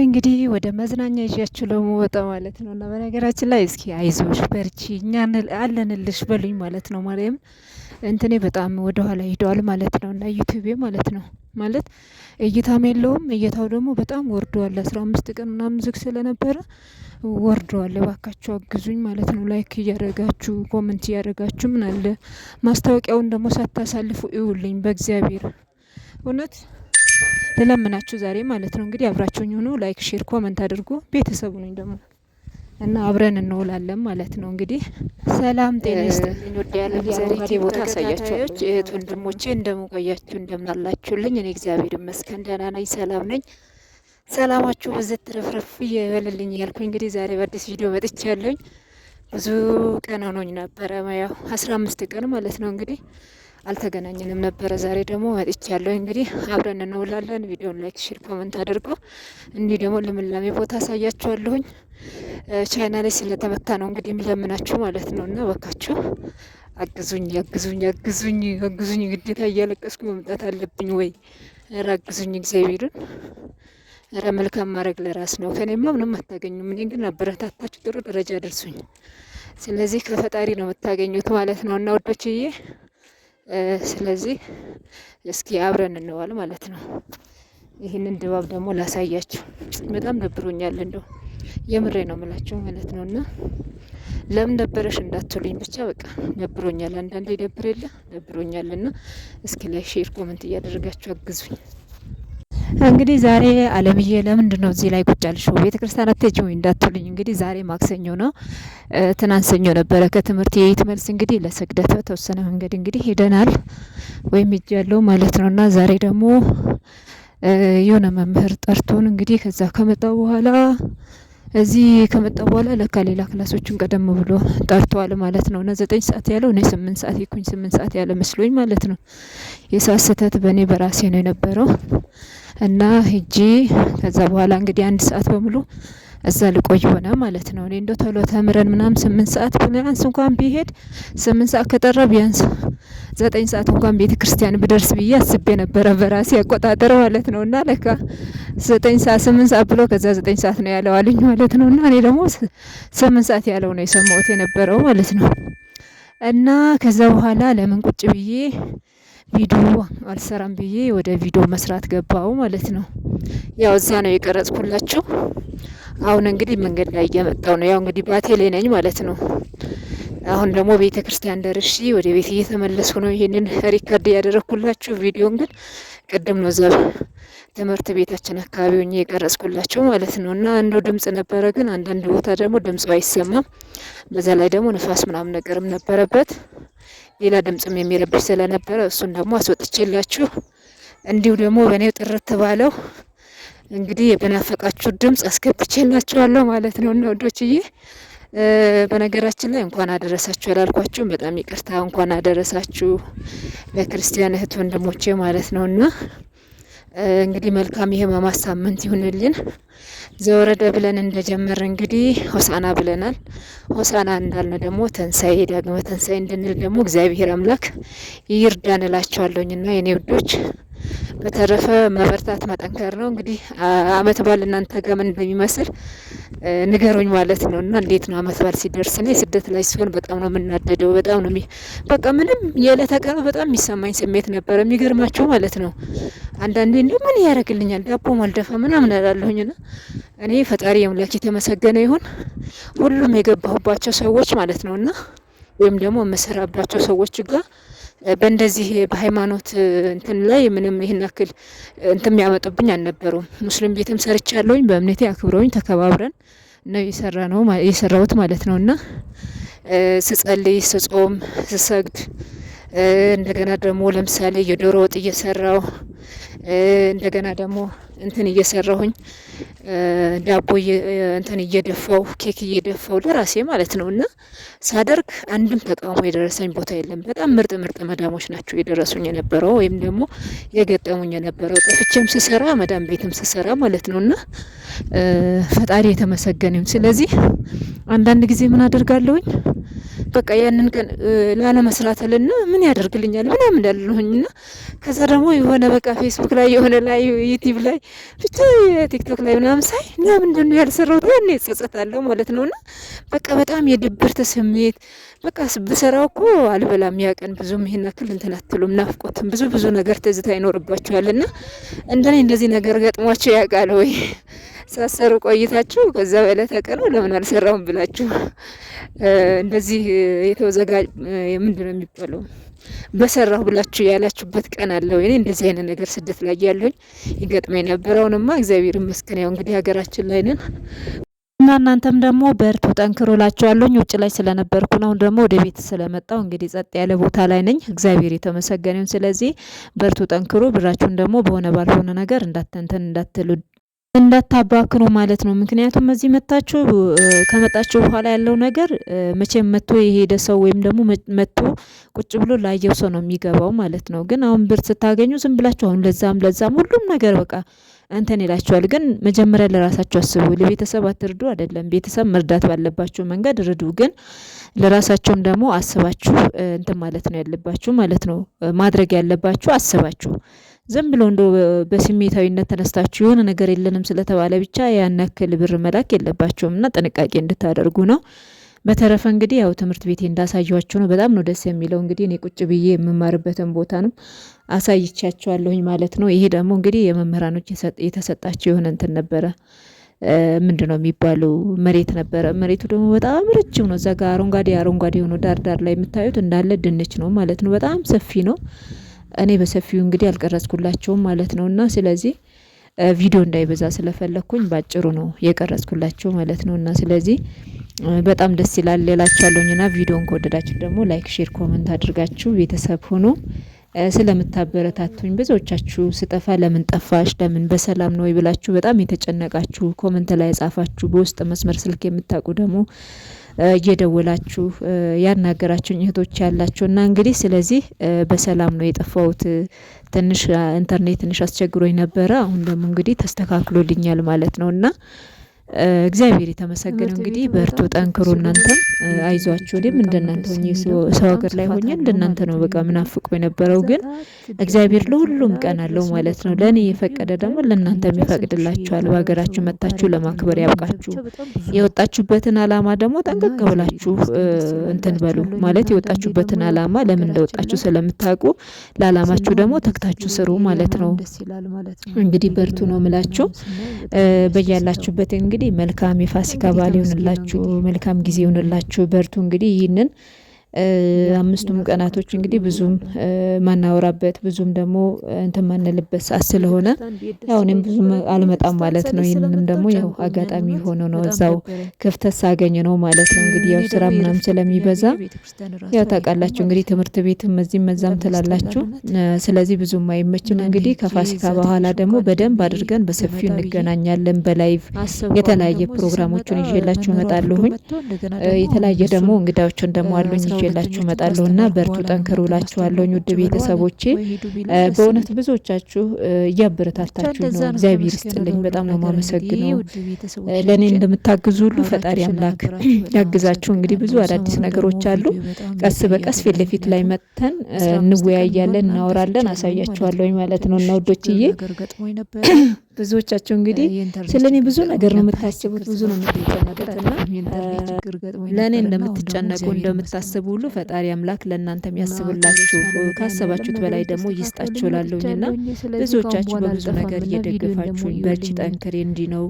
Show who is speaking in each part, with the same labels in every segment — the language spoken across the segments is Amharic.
Speaker 1: እንግዲህ ወደ መዝናኛ ይዣችሁ ለመወጣ ማለት ነው። እና በነገራችን ላይ እስኪ አይዞሽ በርቺ፣ እኛ አለንልሽ በሉኝ ማለት ነው። ማርያም እንትኔ በጣም ወደኋላ ሂደዋል ማለት ነው። እና ዩቲዩቤ ማለት ነው ማለት እይታም የለውም እይታው ደግሞ በጣም ወርደዋል። አስራ አምስት ቀን ምናምን ዝግ ስለነበረ ወርደዋል። እባካችሁ አግዙኝ ማለት ነው። ላይክ እያደረጋችሁ ኮመንት እያደረጋችሁ ምን አለ ማስታወቂያውን ደግሞ ሳታሳልፉ ይውልኝ በእግዚአብሔር እውነት ልለምናችሁ ዛሬ ማለት ነው። እንግዲህ አብራችሁኝ ሆኖ ላይክ፣ ሼር፣ ኮመንት አድርጉ። ቤተሰቡ ነኝ ደግሞ እና አብረን እንውላለን ማለት ነው። እንግዲህ ሰላም ጤና ይስጥልኝ። ወዲያለሁ ዘሬቴ ቦታ አሳያችኋለች። እህት ወንድሞቼ እንደምንቆያችሁ እንደምናላችሁልኝ፣ እኔ እግዚአብሔር ይመስገን ደህና ነኝ፣ ሰላም ነኝ። ሰላማችሁ በዘት ትረፍረፍ ይበልልኝ እያልኩኝ እንግዲህ ዛሬ በአዲስ ቪዲዮ መጥቻለሁኝ። ብዙ ቀን ሆኖኝ ነበረ ያው አስራ አምስት ቀን ማለት ነው እንግዲህ አልተገናኘንም ነበረ። ዛሬ ደግሞ መጥቼ ያለው እንግዲህ አብረን እንውላለን። ቪዲዮን ላይክ፣ ሼር፣ ኮመንት አድርገው። እንዲህ ደግሞ ልምላሜ ቦታ አሳያችኋለሁኝ። ቻይና ላይ ስለተመታ ነው እንግዲህ የሚለምናችሁ ማለት ነው እና በካችሁ አግዙኝ አግዙኝ አግዙኝ አግዙኝ ግዴታ እያለቀስኩ መምጣት አለብኝ ወይ? ኧረ አግዙኝ እግዚአብሔርን። ረ መልካም ማድረግ ለራስ ነው። ከኔማ ምንም አታገኙ። ምን ግን አበረታታችሁ ጥሩ ደረጃ ደርሱኝ። ስለዚህ ከፈጣሪ ነው የምታገኙት ማለት ነው እና ወዶችዬ ስለዚህ እስኪ አብረን እንዋል ማለት ነው። ይህንን ድባብ ደግሞ ላሳያችሁ። በጣም ደብሮኛል፣ እንደው የምሬ ነው ምላችሁ ማለት ነው። እና ለምን ደበረሽ እንዳትሉኝ ብቻ በቃ ደብሮኛል። አንዳንዴ ደብር የለ ደብሮኛል። እና እስኪ ላይ ሼር ኮመንት እያደረጋችሁ አግዙኝ። እንግዲህ ዛሬ አለምዬ ለምንድን ነው እዚህ ላይ ቁጭ ያልሽው? ቤተ ክርስቲያን አትሄጂም ወይ እንዳትሉኝ፣ እንግዲህ ዛሬ ማክሰኞ ነው። ትናንት ሰኞ ነበረ ከትምህርት የት መልስ እንግዲህ ለስግደት ተወሰነ መንገድ እንግዲህ ሄደናል ወይም እጅ ያለው ማለት ነው። እና ዛሬ ደግሞ የሆነ መምህር ጠርቶን እንግዲህ ከዛ ከመጣው በኋላ እዚህ ከመጣው በኋላ ለካ ሌላ ክላሶችን ቀደም ብሎ ጠርተዋል ማለት ነው እና ዘጠኝ ሰዓት ያለው እኔ ስምንት ሰዓት የኩኝ ስምንት ሰዓት ያለ መስሎኝ ማለት ነው። የሰዓት ስህተት በእኔ በራሴ ነው የነበረው። እና ሄጄ ከዛ በኋላ እንግዲህ አንድ ሰዓት በሙሉ እዛ ልቆይ ሆነ ማለት ነው። እኔ እንደ ቶሎ ተምረን ምናምን ስምንት ሰዓት ቢያንስ እንኳን ቢሄድ ስምንት ሰዓት ከጠራ ቢያንስ ዘጠኝ ሰዓት እንኳን ቤተ ክርስቲያን ብደርስ ብዬ አስቤ ነበረ በራሴ አቆጣጠር ማለት ነው። እና ለካ ዘጠኝ ሰዓት ስምንት ሰዓት ብሎ ከዛ ዘጠኝ ሰዓት ነው ያለው አለኝ ማለት ነው። እና እኔ ደግሞ ስምንት ሰዓት ያለው ነው የሰማሁት የነበረው ማለት ነው። እና ከዛ በኋላ ለምን ቁጭ ብዬ ቪዲዮ አልሰራም ብዬ ወደ ቪዲዮ መስራት ገባው ማለት ነው። ያው እዛ ነው የቀረጽኩላችሁ። አሁን እንግዲህ መንገድ ላይ እየመጣው ነው። ያው እንግዲህ ባቴ ላይ ነኝ ማለት ነው። አሁን ደግሞ ቤተ ክርስቲያን ደርሼ ወደ ቤት እየተመለስኩ ነው። ይህንን ሪከርድ ያደረግኩላችሁ ቪዲዮን ግን ቅድም ነው ዘብ ትምህርት ቤታችን አካባቢ ሆኜ የቀረጽኩላችሁ ማለት ነው። እና እንደው ድምጽ ነበረ፣ ግን አንዳንድ ቦታ ደግሞ ድምጹ አይሰማም። በዛ ላይ ደግሞ ንፋስ ምናምን ነገርም ነበረበት። ሌላ ድምጽም የሚረብሽ ስለነበረ እሱን ደግሞ አስወጥቼላችሁ እንዲሁ ደግሞ በእኔው ጥርት ባለው እንግዲህ የበናፈቃችሁ ድምፅ አስገብቼላችኋለሁ ማለት ነው እና ወዶችዬ በነገራችን ላይ እንኳን አደረሳችሁ ያላልኳችሁም በጣም ይቅርታ። እንኳን አደረሳችሁ ለክርስቲያን እህት ወንድሞቼ ማለት ነውና እንግዲህ መልካም የሕማማት ሳምንት ይሁንልን። ዘወረደ ብለን እንደጀመረ እንግዲህ ሆሳና ብለናል። ሆሳና እንዳልነ ደግሞ ተንሳኤ ዳግመ ተንሳኤ እንድንል ደግሞ እግዚአብሔር አምላክ ይርዳን እላቸዋለሁኝና የኔ ውዶች፣ በተረፈ መበርታት መጠንከር ነው። እንግዲህ አመት በዓል እናንተ ጋም እንደሚመስል ንገሩኝ ማለት ነው። እና እንዴት ነው አመት በዓል ሲደርስ እኔ ስደት ላይ ሲሆን በጣም ነው የምናደደው። በጣም ነው በቃ ምንም የዕለት ቀኑ በጣም የሚሰማኝ ስሜት ነበረ። የሚገርማቸው ማለት ነው አንዳንዴ እንዲ ምን ያደርግልኛል ዳቦ ማልደፋ ምናምን አላለሁኝ። ና እኔ ፈጣሪ አምላክ የተመሰገነ ይሁን ሁሉም የገባሁባቸው ሰዎች ማለት ነው እና ወይም ደግሞ የምሰራባቸው ሰዎች ጋር በእንደዚህ በሃይማኖት እንትን ላይ ምንም ይህን ያክል እንትን የሚያመጡብኝ አልነበሩም። ሙስሊም ቤትም ያለውኝ በእምነቴ አክብረውኝ ተከባብረን ነው የሰራ ነው የሰራሁት ማለት ነው እና ስጸልይ ስጾም ስሰግድ እንደገና ደግሞ ለምሳሌ የዶሮ ወጥ እየሰራው እንደገና ደግሞ እንትን እየሰራሁኝ ዳቦ እንትን እየደፋው ኬክ እየደፋው ለራሴ ማለት ነው። እና ሳደርግ አንድም ተቃውሞ የደረሰኝ ቦታ የለም። በጣም ምርጥ ምርጥ መዳሞች ናቸው የደረሱኝ የነበረው ወይም ደግሞ የገጠሙኝ የነበረው ጠፍቼም ስሰራ መዳም ቤትም ስሰራ ማለት ነው። እና ፈጣሪ የተመሰገነም። ስለዚህ አንዳንድ ጊዜ ምን አደርጋለሁኝ በቃ ያንን ቀን ላለመስላተልና ምን ያደርግልኛል ምናምን እንዳለሁኝና ከዛ ደግሞ የሆነ በቃ ፌስቡክ ላይ የሆነ ላይ ዩቲብ ላይ ብቻ ቲክቶክ ላይ ምናምን ሳይ እና ምንድን ነው ያልሰራሁት ያኔ እጸጸታለሁ ማለት ነውና በቃ በጣም የድብርት ስሜት በቃ ብሰራው እኮ አልበላም። ያቀን ቀን ብዙም ይሄን ያክል እንትን አትሉም። ናፍቆትም ብዙ ብዙ ነገር ትዝታ ይኖርባችኋልና እንደኔ እንደዚህ ነገር ገጥሟቸው ያውቃል ወይ? ሳሰሩ ቆይታችሁ ከዛ በዕለተ ቀኑ ለምን አልሰራውም ብላችሁ እንደዚህ የተወዘጋ ምንድን ነው የሚባለው በሰራሁ ብላችሁ ያላችሁበት ቀን አለ ወይ? እንደዚህ አይነት ነገር ስደት ላይ ያለሁኝ ይገጥመኝ ነበር። አሁንማ እግዚአብሔር ይመስገን ያው እንግዲህ ሀገራችን ላይ ነን እና እናንተም ደግሞ በርቱ ጠንክሮ ላችኋለሁኝ። ውጭ ላይ ስለነበርኩ ነው ደግሞ ወደ ቤት ስለመጣው እንግዲህ ጸጥ ያለ ቦታ ላይ ነኝ። እግዚአብሔር የተመሰገነውን። ስለዚህ በርቱ ጠንክሮ ብራችሁን ደግሞ በሆነ ባልሆነ ነገር እንዳተንተን እንዳትሉ እንዳታባክኑ ማለት ነው። ምክንያቱም እዚህ መታችሁ ከመጣችሁ በኋላ ያለው ነገር መቼም መቶ የሄደ ሰው ወይም ደግሞ መቶ ቁጭ ብሎ ላየው ሰው ነው የሚገባው ማለት ነው። ግን አሁን ብር ስታገኙ ዝም ብላችሁ አሁን ለዛም ለዛም ሁሉም ነገር በቃ እንትን ይላችኋል። ግን መጀመሪያ ለራሳችሁ አስቡ። ለቤተሰብ አትርዱ አይደለም፣ ቤተሰብ መርዳት ባለባችሁ መንገድ ርዱ። ግን ለራሳችሁም ደግሞ አስባችሁ እንትን ማለት ነው ያለባችሁ ማለት ነው ማድረግ ያለባችሁ አስባችሁ ዝም ብሎ እንደ በስሜታዊነት ተነስታችሁ የሆነ ነገር የለንም ስለተባለ ብቻ ያን ያክል ብር መላክ የለባቸውም እና ጥንቃቄ እንድታደርጉ ነው። በተረፈ እንግዲህ ያው ትምህርት ቤቴ እንዳሳያችሁ ነው። በጣም ነው ደስ የሚለው። እንግዲህ እኔ ቁጭ ብዬ የምማርበትን ነው አሳይቻችኋለሁኝ ማለት ነው። ይሄ ደግሞ እንግዲህ የመምህራኖች የተሰጣቸው የሆነ እንትን ነበረ ምንድ ነው የሚባለው መሬት ነበረ። መሬቱ ደግሞ በጣም ረጅም ነው። እዛ ጋር አረንጓዴ አረንጓዴ የሆነ ዳር ዳር ላይ የምታዩት እንዳለ ድንች ነው ማለት ነው። በጣም ሰፊ ነው። እኔ በሰፊው እንግዲህ አልቀረጽኩላቸውም ማለት ነው እና ስለዚህ ቪዲዮ እንዳይበዛ ስለፈለግኩኝ ባጭሩ ነው የቀረጽኩላቸው ማለት ነው እና ስለዚህ በጣም ደስ ይላል ሌላችሁ ያለውኝና ቪዲዮን ከወደዳችሁ ደግሞ ላይክ፣ ሼር፣ ኮመንት አድርጋችሁ ቤተሰብ ሆኖ ስለምታበረታቱኝ ብዙዎቻችሁ ስጠፋ ለምን ጠፋሽ፣ ለምን በሰላም ነው ብላችሁ በጣም የተጨነቃችሁ ኮመንት ላይ የጻፋችሁ፣ በውስጥ መስመር ስልክ የምታውቁ ደግሞ እየደወላችሁ ያናገራችሁኝ እህቶች ያላችሁ እና እንግዲህ ስለዚህ በሰላም ነው የጠፋሁት። ትንሽ ኢንተርኔት ትንሽ አስቸግሮኝ ነበረ። አሁን ደግሞ እንግዲህ ተስተካክሎልኛል ማለት ነው እና እግዚአብሔር የተመሰገነ እንግዲህ በርቱ፣ ጠንክሩ። እናንተም አይዟችሁ። እኔም እንደናንተ ሰው ሀገር ላይ ሆኜ እንደናንተ ነው በቃ ምናፍቆ የነበረው ግን እግዚአብሔር ለሁሉም ቀን አለው ማለት ነው። ለእኔ የፈቀደ ደግሞ ለእናንተም ይፈቅድላችኋል። በሀገራችሁ መታችሁ ለማክበር ያብቃችሁ። የወጣችሁበትን አላማ ደግሞ ጠንቀቅ ብላችሁ እንትን በሉ ማለት የወጣችሁበትን አላማ ለምን እንደወጣችሁ ስለምታውቁ ለአላማችሁ ደግሞ ተግታችሁ ስሩ ማለት ነው። እንግዲህ በርቱ ነው ምላችሁ በያላችሁበት እንግዲህ መልካም የፋሲካ በዓል ይሆንላችሁ፣ መልካም ጊዜ ይሆንላችሁ። በርቱ። እንግዲህ ይህንን አምስቱም ቀናቶች እንግዲህ ብዙም ማናወራበት ብዙም ደግሞ እንትን ማንልበት ሰዓት ስለሆነ ያው እኔም ብዙም አልመጣም ማለት ነው። ይህንንም ደግሞ ያው አጋጣሚ ሆኖ ነው እዛው ክፍተት ሳገኝ ነው ማለት ነው። እንግዲህ ያው ስራ ምናምን ስለሚበዛ ያው ታውቃላችሁ እንግዲህ ትምህርት ቤትም እዚህም መዛም ትላላችሁ ስለዚህ ብዙም አይመችም። እንግዲህ ከፋሲካ በኋላ ደግሞ በደንብ አድርገን በሰፊው እንገናኛለን። በላይቭ የተለያየ ፕሮግራሞችን ይዤላችሁ እመጣለሁኝ። የተለያየ ደግሞ እንግዳዎችን ደግሞ አሉኝ ይዤላችሁ መጣለሁ እና በርቱ፣ ጠንክሩ እላችኋለሁ። ውድ ቤተሰቦቼ በእውነት ብዙዎቻችሁ እያበረታታችሁ ነው። እግዚአብሔር ይስጥልኝ። በጣም ነው የማመሰግነው። ለእኔ እንደምታግዙ ሁሉ ፈጣሪ አምላክ ያግዛችሁ። እንግዲህ ብዙ አዳዲስ ነገሮች አሉ። ቀስ በቀስ ፊት ለፊት ላይ መጥተን እንወያያለን፣ እናወራለን፣ አሳያችኋለሁ ማለት ነው እና ውዶችዬ ብዙዎቻቸው እንግዲህ ስለ እኔ ብዙ ነገር ነው የምታስቡት፣ ብዙ ነው የምትጨነቁትና ለእኔ እንደምትጨነቁ እንደምታስቡ ሁሉ ፈጣሪ አምላክ ለእናንተ የሚያስብላችሁ ካሰባችሁት በላይ ደግሞ ይስጣችሁ። ላለውኝና ብዙዎቻችሁ በብዙ ነገር እየደገፋችሁኝ በእጅ ጠንክሬ እንዲ ነው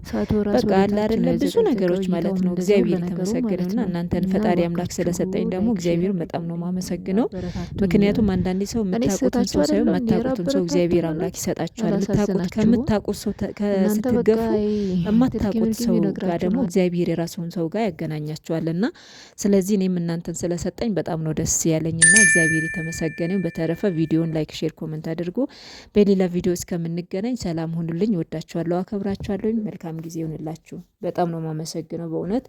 Speaker 1: በቃ አለ አይደለ ብዙ ነገሮች ማለት ነው። እግዚአብሔር የተመሰገነና እናንተን ፈጣሪ አምላክ ስለሰጠኝ ደግሞ እግዚአብሔር በጣም ነው ማመሰግነው። ምክንያቱም አንዳንዴ ሰው የምታውቁትን ሰው ሳይሆን መታቁትን ሰው እግዚአብሔር አምላክ ይሰጣችኋል። የምታቁት ከምታቁት ሰው ስትገፉ የማታውቁት ሰው ጋር ደግሞ እግዚአብሔር የራሱን ሰው ጋር ያገናኛችኋል። እና ስለዚህ እኔም እናንተን ስለሰጠኝ በጣም ነው ደስ ያለኝ እና እግዚአብሔር የተመሰገነው። በተረፈ ቪዲዮን ላይክ፣ ሼር፣ ኮመንት አድርጎ በሌላ ቪዲዮ እስከምንገናኝ ሰላም ሁኑልኝ። ወዳችኋለሁ፣ አከብራችኋለሁኝ። መልካም ጊዜ ይሁንላችሁ። በጣም ነው ማመሰግነው በእውነት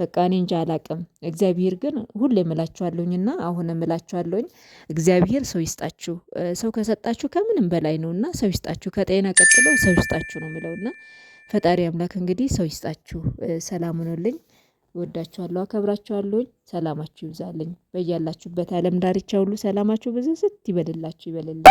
Speaker 1: በቃ እኔ እንጃ አላቅም። እግዚአብሔር ግን ሁሌም እላችኋለሁኝ እና አሁንም እላችኋለሁኝ እግዚአብሔር ሰው ይስጣችሁ ሰው ከሰጣችሁ ከምንም በላይ ነው እና ሰው ይስጣችሁ ከጤና ቀጥሎ ሰው ይስጣችሁ ነው የምለው እና ፈጣሪ አምላክ እንግዲህ ሰው ይስጣችሁ ሰላም ሁኑልኝ እወዳችኋለሁ አከብራችኋለሁኝ ሰላማችሁ ይብዛልኝ በያላችሁበት አለም ዳርቻ ሁሉ ሰላማችሁ ስት ይበልላችሁ ይበልልኝ